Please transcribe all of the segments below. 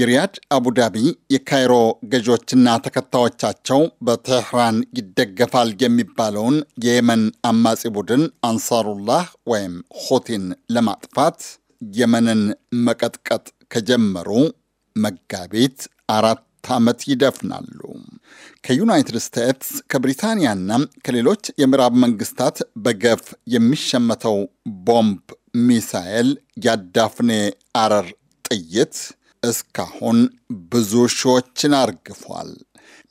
የሪያድ አቡዳቢ፣ የካይሮ ገዢዎችና ተከታዮቻቸው በቴህራን ይደገፋል የሚባለውን የየመን አማጺ ቡድን አንሳሩላህ ወይም ሁቲን ለማጥፋት የመንን መቀጥቀጥ ከጀመሩ መጋቢት አራት ዓመት ይደፍናሉ። ከዩናይትድ ስቴትስ ከብሪታንያና ከሌሎች የምዕራብ መንግስታት በገፍ የሚሸመተው ቦምብ፣ ሚሳኤል፣ ያዳፍኔ አረር ጥይት እስካሁን ብዙ ሺዎችን አርግፏል።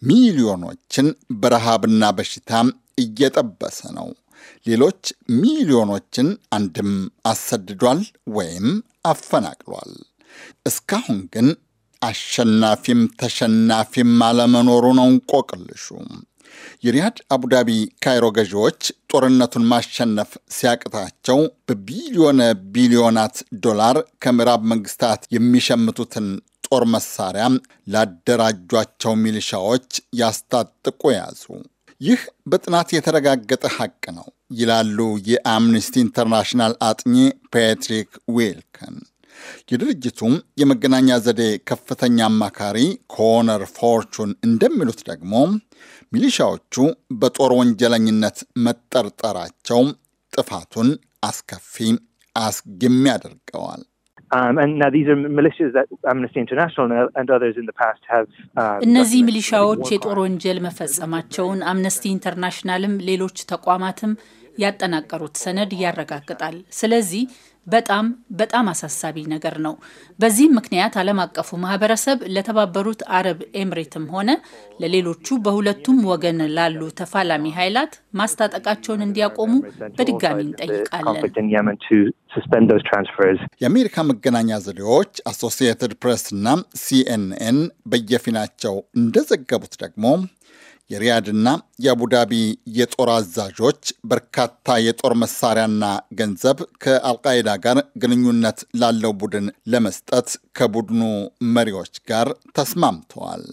ሚሊዮኖችን በረሃብና በሽታም እየጠበሰ ነው። ሌሎች ሚሊዮኖችን አንድም አሰድዷል ወይም አፈናቅሏል። እስካሁን ግን አሸናፊም ተሸናፊም አለመኖሩ ነው እንቆቅልሹ። የሪያድ አቡዳቢ ካይሮ ገዢዎች ጦርነቱን ማሸነፍ ሲያቅታቸው በቢሊዮነ ቢሊዮናት ዶላር ከምዕራብ መንግስታት የሚሸምቱትን ጦር መሳሪያ ላደራጇቸው ሚሊሻዎች ያስታጥቁ ያዙ። ይህ በጥናት የተረጋገጠ ሐቅ ነው ይላሉ የአምነስቲ ኢንተርናሽናል አጥኚ ፓትሪክ ዌልከን። የድርጅቱም የመገናኛ ዘዴ ከፍተኛ አማካሪ ኮነር ፎርቹን እንደሚሉት ደግሞ ሚሊሻዎቹ በጦር ወንጀለኝነት መጠርጠራቸው ጥፋቱን አስከፊ አስግም ያደርገዋል። um, uh, እነዚህ ሚሊሻዎች የጦር ወንጀል መፈጸማቸውን አምነስቲ ኢንተርናሽናልም ሌሎች ተቋማትም ያጠናቀሩት ሰነድ ያረጋግጣል። ስለዚህ በጣም በጣም አሳሳቢ ነገር ነው። በዚህም ምክንያት ዓለም አቀፉ ማህበረሰብ ለተባበሩት አረብ ኤምሬትም ሆነ ለሌሎቹ በሁለቱም ወገን ላሉ ተፋላሚ ኃይላት ማስታጠቃቸውን እንዲያቆሙ በድጋሚ እንጠይቃለን። የአሜሪካ መገናኛ ዘዴዎች አሶሲየትድ ፕሬስ እና ሲኤንኤን በየፊናቸው እንደዘገቡት ደግሞ የሪያድና የአቡዳቢ የጦር አዛዦች በርካታ የጦር መሳሪያና ገንዘብ ከአልቃይዳ ጋር ግንኙነት ላለው ቡድን ለመስጠት ከቡድኑ መሪዎች ጋር ተስማምተዋል።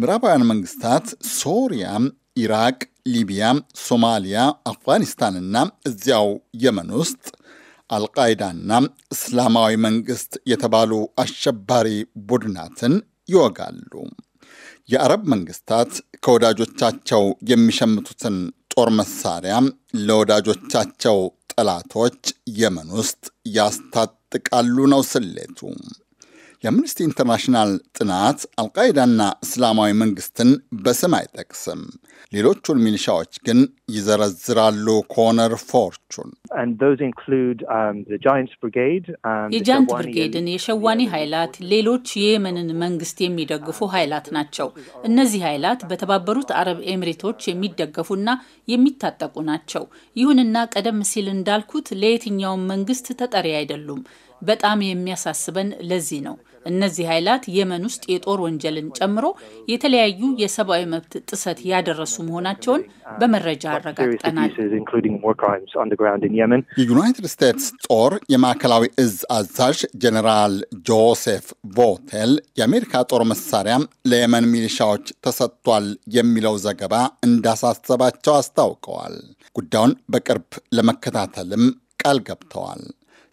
ምዕራባውያን መንግስታት ሶሪያ፣ ኢራቅ፣ ሊቢያ፣ ሶማሊያ፣ አፍጋኒስታንና እዚያው የመን ውስጥ አልቃይዳና እስላማዊ መንግስት የተባሉ አሸባሪ ቡድናትን ይወጋሉ። የአረብ መንግስታት ከወዳጆቻቸው የሚሸምቱትን ጦር መሳሪያ ለወዳጆቻቸው ጠላቶች የመን ውስጥ ያስታጥቃሉ ነው ስሌቱ። የአምነስቲ ኢንተርናሽናል ጥናት አልቃይዳና እስላማዊ መንግስትን በስም አይጠቅስም፣ ሌሎቹን ሚሊሻዎች ግን ይዘረዝራሉ። ኮነር ፎርቹን um, የጃንት ብርጌድን፣ የሸዋኒ ኃይላት፣ ሌሎች የየመንን መንግስት የሚደግፉ ኃይላት ናቸው። እነዚህ ኃይላት በተባበሩት አረብ ኤምሬቶች የሚደገፉና የሚታጠቁ ናቸው። ይሁንና ቀደም ሲል እንዳልኩት ለየትኛውም መንግስት ተጠሪ አይደሉም። በጣም የሚያሳስበን ለዚህ ነው። እነዚህ ኃይላት የመን ውስጥ የጦር ወንጀልን ጨምሮ የተለያዩ የሰብአዊ መብት ጥሰት ያደረሱ መሆናቸውን በመረጃ አረጋግጠናል። የዩናይትድ ስቴትስ ጦር የማዕከላዊ እዝ አዛዥ ጀኔራል ጆሴፍ ቮቴል የአሜሪካ ጦር መሳሪያ ለየመን ሚሊሻዎች ተሰጥቷል የሚለው ዘገባ እንዳሳሰባቸው አስታውቀዋል። ጉዳዩን በቅርብ ለመከታተልም ቃል ገብተዋል።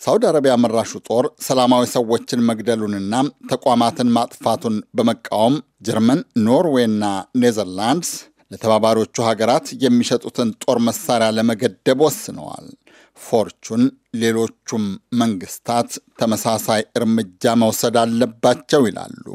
ሳውዲ አረቢያ መራሹ ጦር ሰላማዊ ሰዎችን መግደሉንና ተቋማትን ማጥፋቱን በመቃወም ጀርመን፣ ኖርዌይና ኔዘርላንድስ ለተባባሪዎቹ ሀገራት የሚሸጡትን ጦር መሳሪያ ለመገደብ ወስነዋል። ፎርቹን ሌሎቹም መንግስታት ተመሳሳይ እርምጃ መውሰድ አለባቸው ይላሉ።